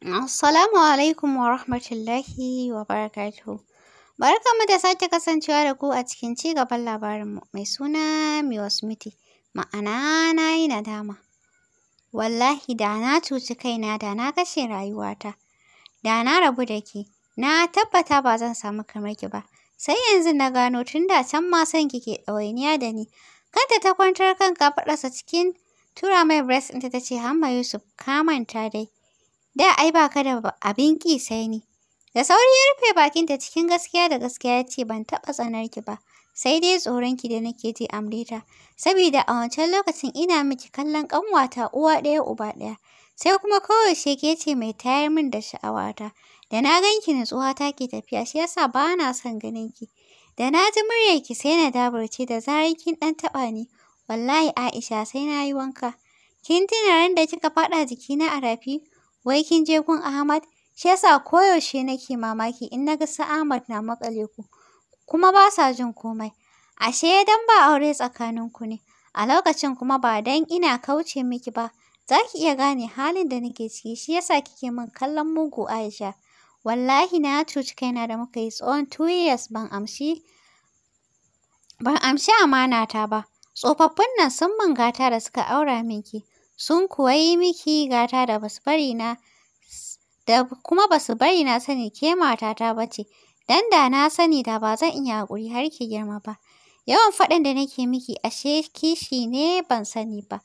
Assalamu alaikum wa rahmatullahi wa barakatuhu. mu da sake kasancewa da ku a cikin ci gaban labarin labarinmu mai suna Smithy. ma'ana na yi nadama. Wallahi da na cuci kaina da na kashe rayuwata, da na rabu da ke, na tabbata ba zan samu kamar ki ba. Sai yanzu na gano tun da can ma son ki ke ɗawainiya da ni. Kanta ta kwantar kan faɗasa cikin tura mai breast ɗinta ta ce, Hamma Yusuf, ka manta dai. Da ai ba ka da abin ƙi sai ni. Da sauri ya rufe bakinta cikin gaskiya da gaskiya ya ce ban taɓa tsanar ki ba, sai dai tsoron ki da nake ji Amrita, saboda a wancan lokacin ina miki kallon ƙanwata uwa ɗaya uba ɗaya, sai kuma kawai sheke ce mai tayar min da sha'awata, da na ganki nutsuwa ta ke tafiya shi yasa ba na son ganin ki. Da na ji ki sai na dabarce da zarar kin ɗan taɓa ni, wallahi Aisha sai na yi wanka. Kin tuna ran da kika faɗa jikina a rafi? Wai kin je gun Ahmad? Shi yasa koyaushe nake mamaki in na ga su Ahmad na maƙale ku, kuma ba sa jin komai. Ashe dan ba aure tsakaninku ne, a lokacin kuma ba dan ina kauce miki ba, za ki iya gane halin da nake ciki shi yasa kike min kallon mugu Aisha. Wallahi na cuci kaina da muka yi tsawon two years ban amshi ban amshi amanata ba. Tsofaffin nan sun mangata gata da suka aura min sun kuwa yi miki gata da basu bari na da kuma basu bari na sani ke matata ba ce dan da na sani da ba zan iya haƙuri har ki girma ba yawan faɗin da nake miki ashe kishi ne ban sani ba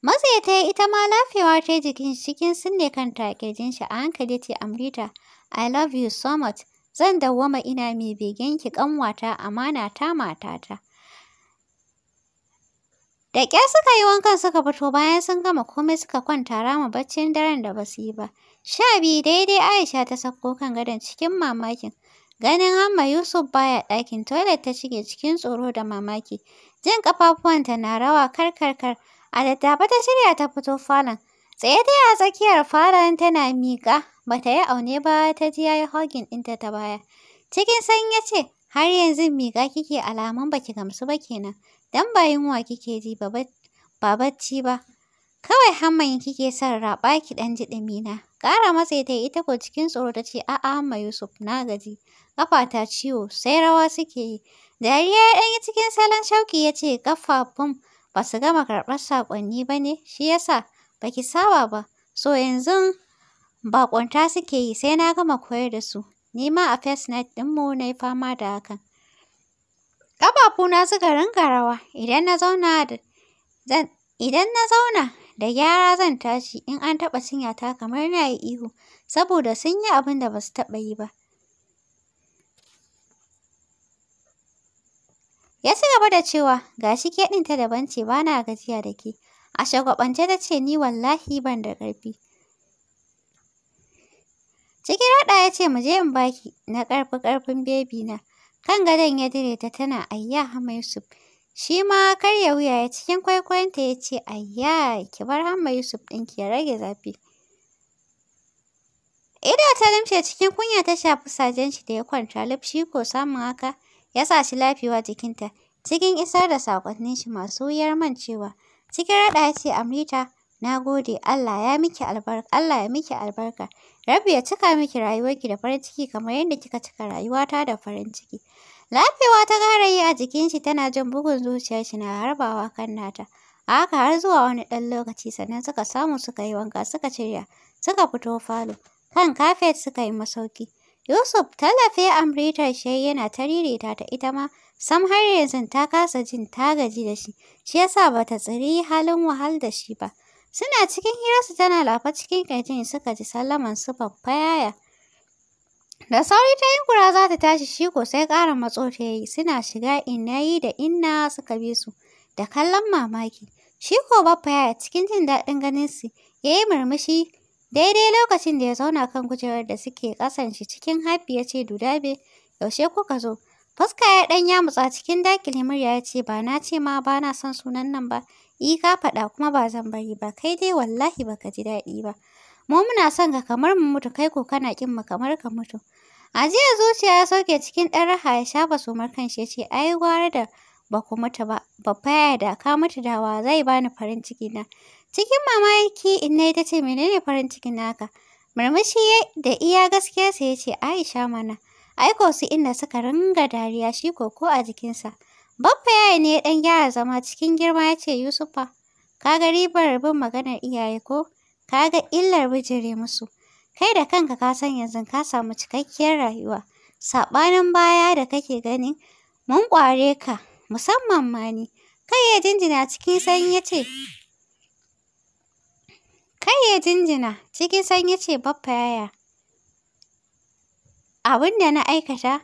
matsayi ta yi ita ma lafewa ta jikin cikin sunne kanta kirjin shi a hankali ce amrita i love you so much zan dawwama ina mai begen ki ƙanwata amana ta matata Da suka yi wankan suka fito bayan sun gama komai suka kwanta rama baccin daren da basu yi ba. Sha biyu daidai Aisha ta sauko kan gadon cikin mamakin. Ganin Hamma Yusuf baya ɗakin toilet ta shige cikin tsoro da mamaki. Jin ƙafafuwanta na rawa karkarkar. A daddafe ta shirya ta fito falon. Tsaye dai a tsakiyar falon tana miƙa. Bata yi aune ba ta ji yayi hogin ɗinta ta baya. Cikin sanyi ya ce, har yanzu miƙa kike alamun baki gamsu ba kenan. dan ba yunwa kike ji ba bacci ba. Kawai hamman kike son raɓa ki dan ji ɗumina. Ƙara matsayi ta ita ko cikin tsoro tace ce a'a amma Yusuf na gaji. ta ciwo sai rawa suke yi. Dariya ya ɗan yi cikin salon shauki yace ce ƙafafun ba su gama karɓar saƙonni ba ne shi yasa baki ki saba ba. So yanzu baƙunta suke yi sai na gama koyar da su. nima a first night mu na nayi fama da hakan. Ƙafafuna suka rinka rawa idan na zauna da gyara zan tashi in an taɓa cinyata kamar na yi ihu saboda sun yi abin da ba su taɓa yi ba. Ya ci gaba da cewa ga shi ke ɗin ta daban ce ba na gajiya da ke. A shagwaɓance ta ce ni wallahi ban da ƙarfi. Cikin raɗa ya ce mu je in baki na ƙarfi ƙarfin bebi na. Kan gadon ya dire ta tana ayya Hama Yusuf. Shi ma karya wuya ya cikin kwaikwayonta ya ce ayya ki bar Hama Yusuf ki?" ya rage zafi. Ida ta limshe cikin kunya ta shafi sajen shi da ya kwanta lafshi ko samun haka ya sa shi lafiya jikinta. Cikin isar da saƙonnin shi masu wuyar mancewa. Cikin raɗa ya ce Amrita na gode Allah ya miki albarka Allah ya miki albarka. Rabi ya cika miki rayuwarki da farin ciki kamar yadda kika cika rayuwata da farin ciki. Lafewa ta ƙara yi a jikin shi tana jin bugun zuciyar shi na harbawa kan nata. A haka har zuwa wani ɗan lokaci sannan suka samu suka yi wanka suka shirya suka fito falo. Kan kafet suka yi masauki. Yusuf tallafe amritar shi yana ta rireta ta ita ma sam har yanzu ta kasa jin ta gaji da shi. Shi yasa bata tsiri halin wahal da shi ba. Suna cikin hirar su tana lafa cikin ƙirjin suka ji sallaman su babba yaya. Da sauri ta yunkura za ta tashi shi ko sai ƙara matso ta yi suna shiga yi da inna suka bi su da kallon mamaki. Shi ko baffa yaya cikin jin daɗin ganin su ya yi murmushi daidai lokacin da ya zauna kan kujerar da suke ƙasan shi cikin hafi ya ce dudabe yaushe kuka zo. Fuska ya ɗan yamutsa cikin dakilin murya ya ce ba na ce ma ba na son sunan nan ba. I ka faɗa kuma ba zan bari ba kai dai wallahi baka ji daɗi ba. Mu muna son ka kamar mu mutu kai ko kana kin mu kamar ka mutu. Ajiya zuciya ya sauke cikin ɗan raha ya shafa sumar kanshi ya ce ai gwara da ba ku mutu ba babba ya da ka mutu da dawa zai bani farin ciki na. Cikin mamaki inna ta ce menene farin cikin naka? Murmushi da iya gaskiya ya ce Aisha mana. Aiko su inda suka ringa dariya shi ko ko a jikinsa. Baffa yaya ne ya ɗan gyara zama cikin girma yace Yusufa, ka ga ribar bin maganar iyaye ko? Ka ga illar bijire musu. Kai da kanka ka san yanzu ka samu cikakkiyar rayuwa. Saɓanin baya da kake gani. mun ƙware ka, musamman ma ni. Kai ya jinjina cikin san yace Kai ya jinjina cikin san yace Baffa yaya, abin na aikata,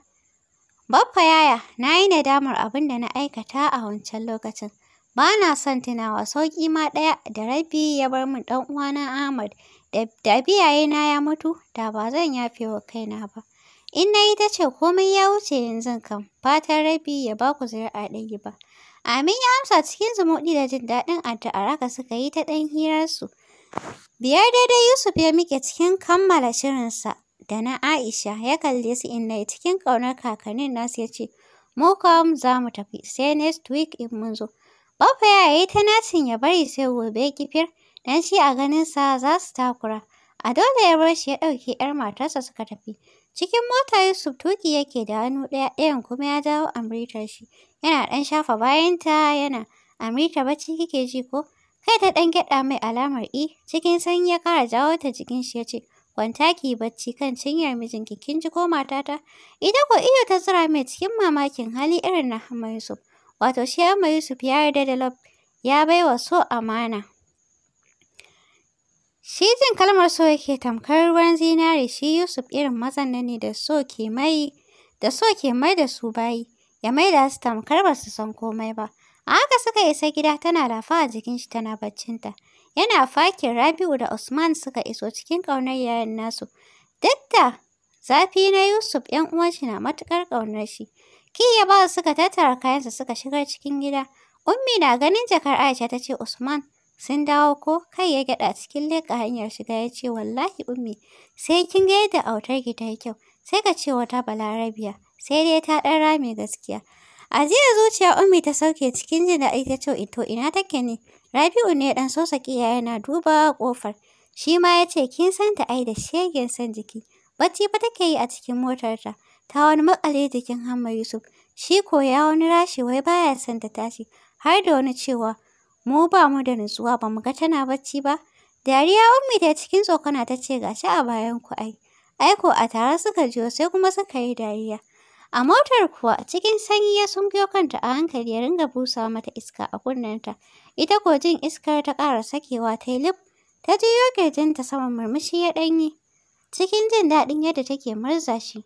Baffa yaya, nayi nadamar abin da na aikata a wancan lokacin. Ba na son tunawa sauƙi ma ɗaya da Rabi ya bar min ɗan uwana Ahmad da na ya mutu da ba zan yafe wa kaina ba. In na yi ta ce komai ya wuce yanzu kam, fatan Rabi ya ba ku zuri'a ɗaya ba. Amin ya amsa cikin zumuɗi da jin daɗin addu'ar haka suka yi ta ɗan hirarsu. Biyar daidai Yusuf ya miƙe cikin kammala shirinsa da na Aisha ya kalle su in na cikin ƙaunar kakannin nasu ya ce, mu kam za mu tafi sai next week in mun zo. Baffa ya yi ta nacin ya bari sai gobe kifir, don shi a ganinsa za su takura. A dole ya bar shi ya ɗauki 'yar matarsa suka tafi. Cikin mota Yusuf tuki yake da hannu ɗaya ɗayan kuma ya dawo amritar shi. Yana ɗan shafa bayanta yana amrita bacci kike ji ko? Kai ta ɗan gyaɗa mai alamar i e", cikin sanyi ya kara jawo ta jikin shi ya ce kwanta ki bacci kan cinyar mijinki kin ji ko matata? Ita ko iyo ta tsira mai cikin mamakin hali irin na Hamma Yusuf. Wato shi Amma Yusuf ya yarda da Lob ya baiwa so amana. Shi jin kalmar so yake tamkar ruwan zinare shi Yusuf irin mazan ne da so ke mai da so ke mai da su bayi ya mai da su tamkar ba su san komai ba. A haka suka isa gida tana lafa a jikin shi tana baccinta. Yana fakin Rabi'u da Usman suka iso cikin ƙaunar yayan nasu. Duk da zafi na Yusuf ‘yan uwan shi na matuƙar ƙaunar shi. ya ba suka tattara kayansu suka shigar cikin gida. Ummi na ganin jakar Aisha ta ce Usman sun dawo ko kai ya gyaɗa cikin leƙa hanyar shiga ya ce wallahi ummi sai kin ga yadda autar ki ta yi kyau sai ka ce wata balarabiya sai dai ta ɗan rame gaskiya. A jiya zuciya ummi ta sauke cikin jin daɗi ta ce ito ina take ne. Rabi'u ne ɗan sosaki yana duba ƙofar. Shi ma ya ce kin san ta ai da shegen san jiki. Bacci fa take yi a cikin motarta. ta wani maƙale jikin Hamma Yusuf. Shi ko ya wani rashi wai baya son ta tashi, har da wani cewa mu ba mu da nutsuwa ba mu ga tana bacci ba. Dariya ummi ta cikin tsokana ta ce ga shi a bayan ku ai. Aiko a tare suka jiyo sai kuma suka yi dariya. A motar kuwa cikin sanyi ya sunkuyo kanta a hankali ya ringa busa mata iska a kunnenta. Ita ko jin iskar ta ƙara sakewa ta yi lif. Ta jiyo kirjinta saman murmushi ya ɗanyi. Cikin jin daɗin yadda take murza shi.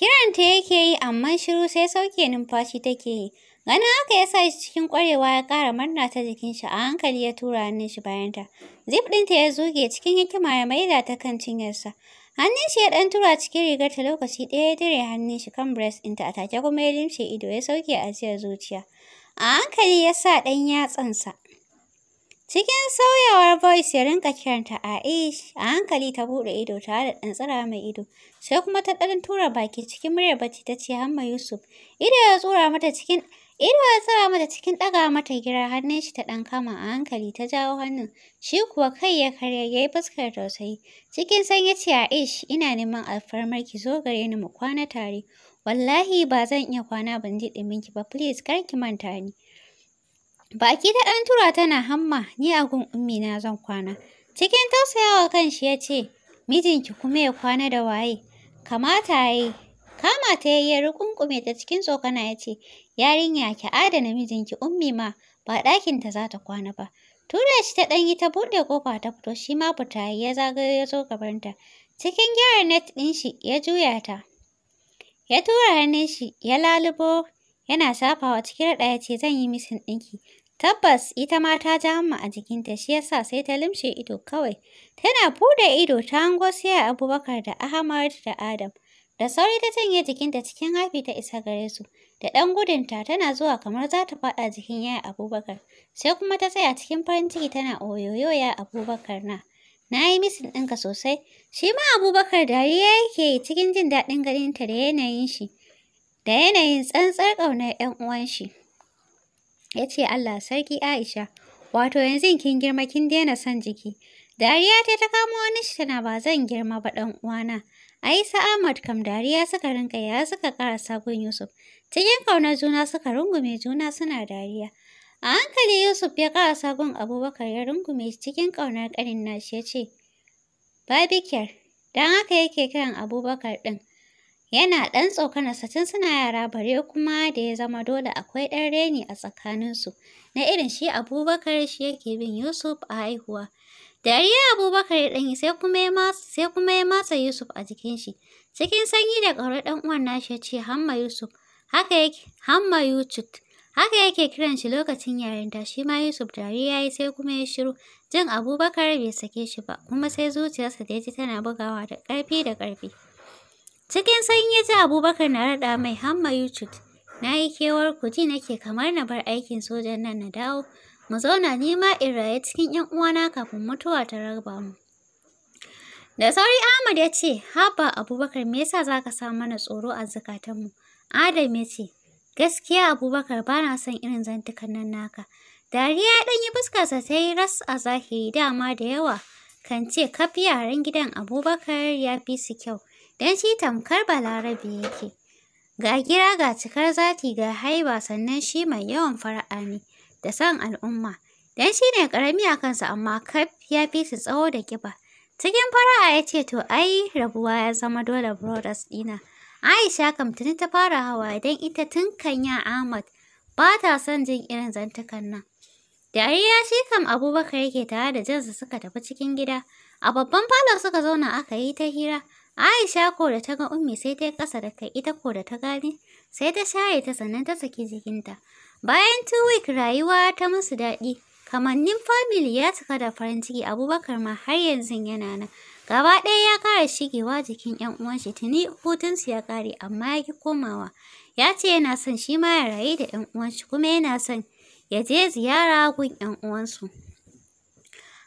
Kiranta yake yi amma shiru sai sauke numfashi take yi. Ganin haka ya sa shi cikin ƙwarewa ya ƙara murna ta jikin shi a hankali ya tura hannun shi bayanta. Zip ɗinta ya zuge cikin hikima ya maida ta kan cinyarsa. Hannun shi ya ɗan tura cikin rigarta lokaci ɗaya ya dire hannun shi kan breast ɗinta a take kuma ya limshe ido ya sauke ajiyar zuciya. A hankali ya sa ɗan yatsansa Cikin sauyawar voice ya rinka kiranta Aish, a hankali ta buɗe ido tare da ɗan tsara mai ido, sai kuma ta ɗan tura baki cikin muryar bacci ta ce Hamma Yusuf. Ido ya tsura mata cikin Ido ya tsara mata cikin ɗaga mata gira hannun shi ta ɗan kama a hankali ta jawo hannun, shi kuwa kai ya karya ya yi fuskar tausayi. Cikin san ya ce Aish, ina neman alfarmar ki zo gare ni mu kwana tare. Wallahi ba zan iya kwana ban ji ɗuminki ba, please kar ki manta ni. Baki da ɗan tura tana hamma, ni a gun ummi na zan kwana. Cikin tausayawa kanshi ya ce, mijinki kuma ya kwana da waye, kamata ya yi. kamata ya yi ya rukunkume ta cikin tsokana ya ce, yarinya ki adana mijinki ummi ma ba ɗakinta za ta kwana ba. Tura shi ta ɗanyi ta buɗe ƙofa ta fito shi ma fita ya zagayo ya zo gabanta. Cikin gyara net ɗin shi ya juya ta. Ya tura hannun shi ya lalubo yana safawa cikin raɗa ya ce zan yi misin ɗinki. Tabbas ita ma ta ja hamma a jikinta shi yasa sai ta limshe ido kawai. Tana buɗe ido ta hango sai Abubakar da Ahmad da Adam. Da sauri ta janye jikinta cikin hafi ta isa gare su. Da ɗan gudunta tana zuwa kamar za ta faɗa jikin ya Abubakar. Sai kuma ta tsaya cikin farin ciki tana oyoyo ya Abubakar na. Na yi misin ɗinka sosai. Shi ma Abubakar dariya yake cikin jin daɗin ganinta da yanayin shi. Da yanayin tsantsar ƙaunar 'yan uwan shi. ya ce Allah sarki Aisha, wato yanzu kin girma kin daina son jiki. Dariya ta ta kamo wani shi tana ba zan girma ba ɗan uwana. Aisha Ahmad kam dariya suka rinka ya suka ƙara gun Yusuf. Cikin ƙaunar juna suka rungume juna suna dariya. A hankali Yusuf ya ƙara gun Abubakar ya rungume cikin ƙaunar ƙanin nashi ya ce, Babikiyar, Dan haka yake kiran Abubakar ɗin. Yana ɗan tsokanarsa tun suna yara bare kuma da ya zama dole akwai ɗan reni a tsakaninsu. Na irin shi Abubakar shi yake bin Yusuf a haihuwa. yi Abubakar ya yi sai kuma ya matsa Yusuf a jikin shi. Cikin sanyi da ƙaura ɗan uwan nashi ya ce Hamma Yusuf. Haka yake Hamma yusuf Haka yake kiran shi lokacin yarinta shi ma Yusuf da ya yi sai kuma ya shiru. Jin Abubakar bai sake shi ba kuma sai zuciyarsa da ya ji tana bugawa da ƙarfi da ƙarfi. Cikin sanyi ya Abubakar na raɗa mai hamma Yucut. Na yi kewar kuji nake kamar na bar aikin sojan nan na dawo. Mu zauna ni ma in raye cikin 'yan uwana kafin mutuwa ta raba mu. Da sauri Ahmad ya ce, Haba Abubakar me yasa za ka sa mana tsoro a mu?" Adam ya ce, Gaskiya Abubakar ba na son irin zantukan nan naka. Dariya ɗan yi fuskarsa ta yi ras a zahiri dama da yawa. Kan ce kaf yaren gidan Abubakar ya fi su kyau. don shi tamkar balarabe yake. Ga gira ga cikar zati ga haiba sannan shi mai yawan fara'a ne da san al'umma. Don shi ne ƙarami a kansa amma kaf ya fi su tsawo da ƙiba. Cikin fara'a ya ce to ai rabuwa ya zama dole brothers ɗina. Aisha kam ta fara hawa don ita tun kanya Ahmad ba ta son jin irin zantukan nan. Dariya shi kam Abubakar yake tare da jansa suka tafi cikin gida. A babban falon suka zauna aka yi ta hira. Aisha ko da ta ga Ummi sai ta yi ƙasa da kai ita ko da ta gane sai ta share ta sannan ta saki jikinta. Bayan two week rayuwa ta musu daɗi kamannin family ya cika da farin ciki Abubakar ma har yanzu yana na. Gaba ɗaya ya ƙara shigewa jikin 'yan uwan shi tuni hutunsu ya ƙare amma ya ki komawa. Ya ce yana son shi ma ya rayu da 'yan uwan shi kuma yana son ya je ziyara gun 'yan uwansu.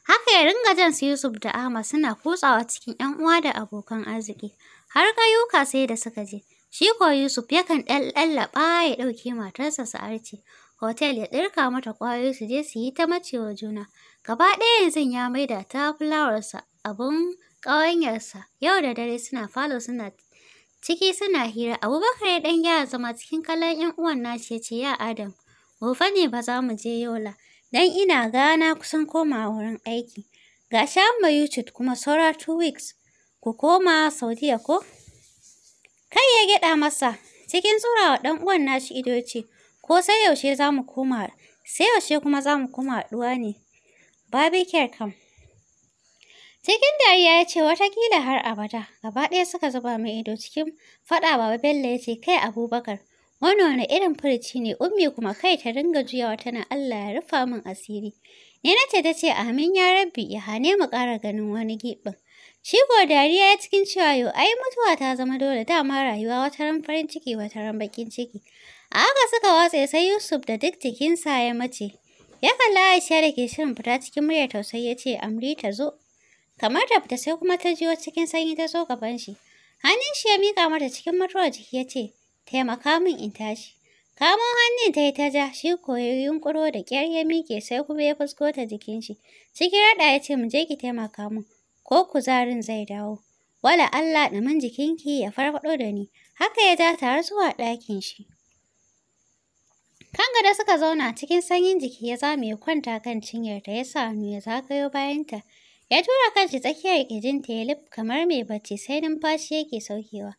Haka ya ringa jan su Yusuf da Ahmad suna kutsawa cikin 'yan uwa da abokan arziki. Har yuka sai da suka je. Shi ko Yusuf yakan ɗallaɓa ya ɗauke matarsa su arce. Hotel ya ɗirka mata ƙwayoyi su je su yi ta macewa juna. Gaba ɗaya yanzu ya maida ta fulawarsa abun ƙawanyarsa. Yau da dare suna falo suna ciki suna hira. Abubakar ya ɗan gyara zama cikin kallon 'yan uwan nashi ya ce ya Adam. Gobe ne ba za mu je Yola. don ina gana kusan koma wurin aiki. Ga shan ba YouTube kuma saura two weeks, ku koma Saudiya ko? Kai ya gyaɗa masa, cikin tsurawa ɗan uwan nashi ido ce, ko sai yaushe za mu koma, sai yaushe kuma za mu koma haɗuwa ne. care kam. Cikin dariya ya ce watakila har abada, gaba ɗaya suka zuba mai ido cikin faɗa Baba Bello ya ce kai Abubakar, Wani wani irin furici ne ummi kuma kai ta ringa juyawa tana Allah ya rufa min asiri. Ninata ta ce amin ya rabbi ya hane mu ƙara ganin wani giɓin. Shi ko dariya ya cikin cewa yau ai mutuwa ta zama dole dama rayuwa wata ran farin ciki wata ran bakin ciki. A haka suka watsa sai Yusuf da duk jikinsa ya mace. Ya kalla Aisha da ke shirin fita cikin murya tausayi ya ce Amri ta zo. Kamar da fita sai kuma ta jiyo cikin sanyi ta zo gaban shi. Hannun shi ya miƙa mata cikin mutuwar jiki ya ce taimaka min in tashi. Kamun hannun ta yi ta ja, shi koyi yunƙuro da ƙyar ya miƙe sai kuma ya fusko ta jikin shi. Cikin raɗa ya ce, mu je ki taimaka min, ko kuzarin zai dawo. Wala Allah ɗumin jikinki ya farfaɗo da ni. Haka ya ja tare har zuwa ɗakin shi. Kan gada suka zauna cikin sanyin jiki ya zame ya kwanta kan cinyarta ya sa hannu ya zagayo bayanta. Ya tura kan shi tsakiyar ƙirjinta ya lif kamar mai bacci sai numfashi yake saukewa.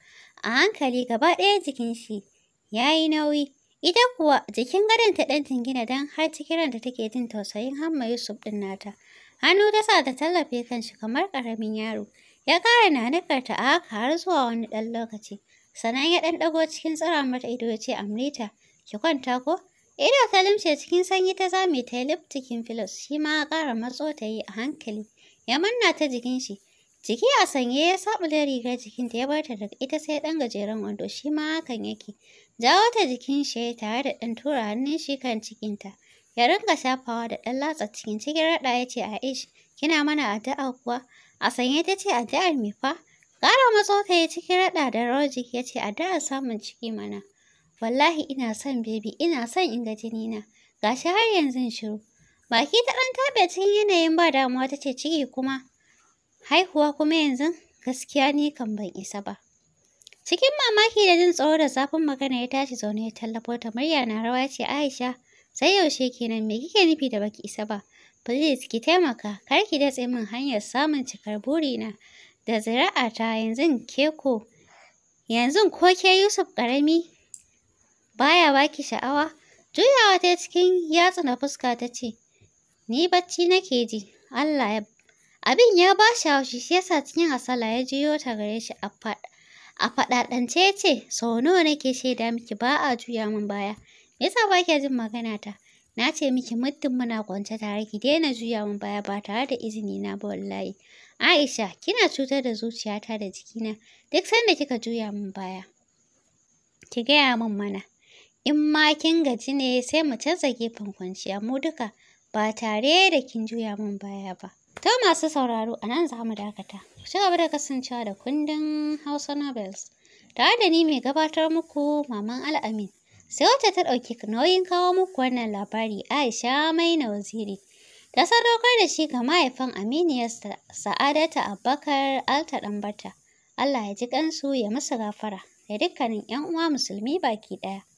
a hankali gaba ɗaya jikin shi ya yi nauyi. Ita kuwa jikin gadon ta ɗan jingina don har cikin ranta take jin tausayin hamma Yusuf ɗin nata. Hannu ta sa ta tallafe kan shi kamar ƙaramin yaro. Ya ƙara na nanikarta a haka har zuwa wani ɗan lokaci. Sannan ya ɗan ɗago cikin tsira mata ido ya ce Amrita, ki kwanta ko? Ido ta limce cikin sanyi ta zame ta yi cikin filos, shi ma ƙara matso ta yi a hankali. Ya manna ta jikin shi, Jiki a sanye ya saɓule rigar jikinta ya bar ta daga ita sai ɗan gajeren wando shi ma hakan yake. Jawo ta jikin shi tare da ɗan tura hannun shi kan cikinta. Ya rinka shafawa da ɗan latsa cikin cikin raɗa ya ce aishi, kina mana addu'a kuwa? A sanye ta ce addu'ar me fa? Ƙara matso ta yi cikin raɗa da rawar jiki ya ce addu'a samun ciki mana. Wallahi ina son bebi, ina son in ga na Gashi har yanzu shiru. Baki ta ɗan tabe cikin yanayin ba damuwa ta ce ciki kuma. haihuwa kuma yanzu gaskiya ni kan ban isa ba. Cikin mamaki da jin tsoro da zafin magana ya tashi zaune ya tallafo ta murya na rawa ce Aisha sai yaushe kenan me kike nufi da baki isa ba? Please ki taimaka kar ki datse min hanyar samun cikar burina da ta yanzu ke ko yanzu ko ke Yusuf karami baya baki sha'awa juyawa ta cikin yatsu na fuska ta ce ni bacci nake ji Allah ya Abin ya ba shi haushi shi yasa cikin hasala ya jiyo ta gare shi a faɗaɗance ya ce, sau nawa nake shaida miki ba a juya min baya. Me yasa ba kya jin magana ta? Na ce miki muddin muna kwance tare ki daina juya min baya ba tare da izini na ba wallahi. Aisha, kina cutar da zuciyata da jikina duk sanda kika juya min baya. Ki gaya min mana. In ma kin gaji ne sai mu canza gefen kwanciya mu duka ba tare da kin juya min baya ba. To masu sauraro a nan za mu dakata. Ku ci gaba da kasancewa da kundin Hausa Nobels. Tare da ni mai gabatar muku Maman Al'amin. Sai wata ta ɗauki nauyin kawo muku wannan labari Aisha Maina Waziri. Ta sadaukar da shi ga mahaifin Aminiyar Sa'adata Abubakar Alta Ɗanbata. Allah ya ji kansu ya musu gafara Ya dukkanin 'yan uwa musulmi baki ɗaya.